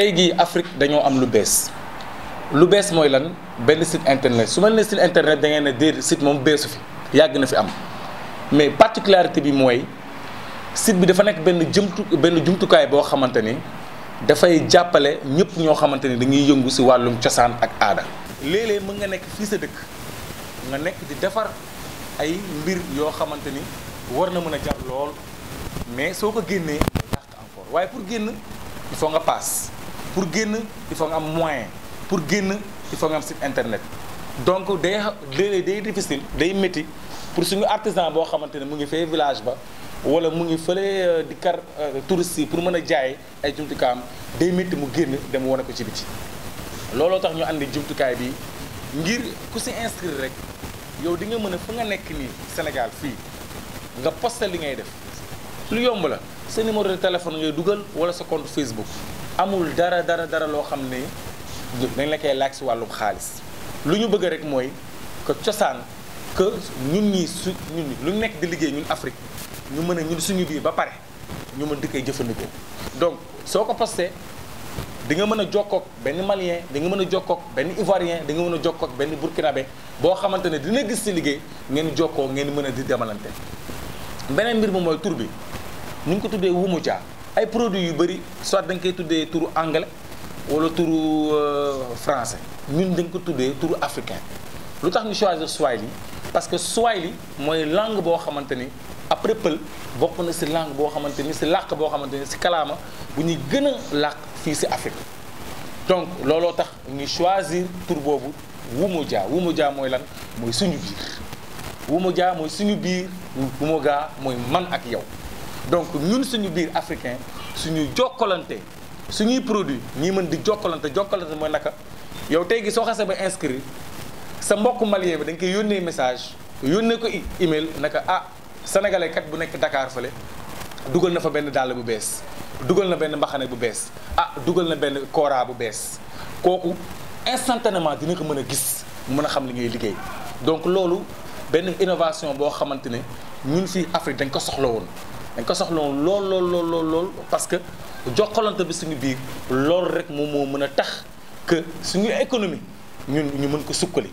tey jii Afrique dañoo am lu bees lu bees mooy lan benn site internet su ma nee site internet da ngeen ne déet site moom beesu fi yàgg na fi am mais particularité bi mooy site bi dafa nekk benn jumtu benn jumtukaay boo xamante ni dafay jàppale ñëpp ñoo xamante ni dañuy yëngu si wàllum cosaan ak aada. léeg-léeg mën nga nekk fii sa dëkk nga nekk di defar ay mbir yoo xamante ni war na mën a jar lool mais soo ko génnee waaye pour génn il nga paas. pour génn il faut nga am moyen pour génn il faut nga am site internet donc day day day difficile day métti pour suñu artisan boo xamante ne mu ngi fee village ba wala mu ngi fële euh, di kar euh, touristes yi pour mën a jaay ay jumtukaam day métti mu génn dem wane ko ci biti looloo tax ñu andi jumtukaay bi ngir ku si inscrire rek yow di nga mën a fu nga nekk nii Sénégal fii nga posté li ngay def lu yomb la sa numéro de téléphone ngay dugal wala sa compte Facebook amul dara dara dara loo xam ne dañ la koy laaj si wàllum xaalis lu ñu bëgg rek mooy que cosaan que ñun ñii su ñun ñi lu nekk di liggéey ñun Afrique ñu mën a ñun suñu biir ba pare ñu mën di koy jëfandikoo. donc soo ko posté di nga mën a jokkoog benn malien di nga mën a jokkoog benn ivoirien di nga mën a jokkoog benn burkinabé boo xamante ne dina gis si liggéey ngeen jokkoo ngeen mën a di demalante. beneen mbir moom mooy tur bi ñu ngi ko tuddee Wumuja. ay produits yu bëri soit da nga koy tuddee turu anglais wala turu euh, français ñun da ko tuddee turu africain lu tax ñu choisir Swahili parce que Swahili mooy lang boo xamante ni après pël bokk na si langue boo xamante ni si làkk boo xamante ni si kalaama bu ñuy gën a làkk fii si Afrique donc looloo tax ngi choisir tur boobu Wumoja Wumoja mooy lan mooy suñu biir Wumoja mooy suñu biir Wumoga mooy man ak yow. donc ñun suñu biir africain suñuy jokkalante suñuy produit ñii mën di jokkalante jokkalante mooy naka yow tey gi soo xasee ba inscrire sa mbokk malien bi da koy yónnee message yónnee ko email naka ah sénégalais kat bu nekk Dakar fële dugal na fa benn dàll bu bees dugal na benn mbaxane bu bees ah dugal na benn kooraa bu bees kooku instantanément dina ko mën a gis mën a xam li ngay liggéey donc loolu benn innovation boo xamante ne ñun fii Afrique dañ ko soxla woon dañ ko soxla woon lool lool lool lool lool parce que jokkalante bi suñu biir loolu rek moom moo mën a tax que suñu économie ñun ñu mën ko sukkali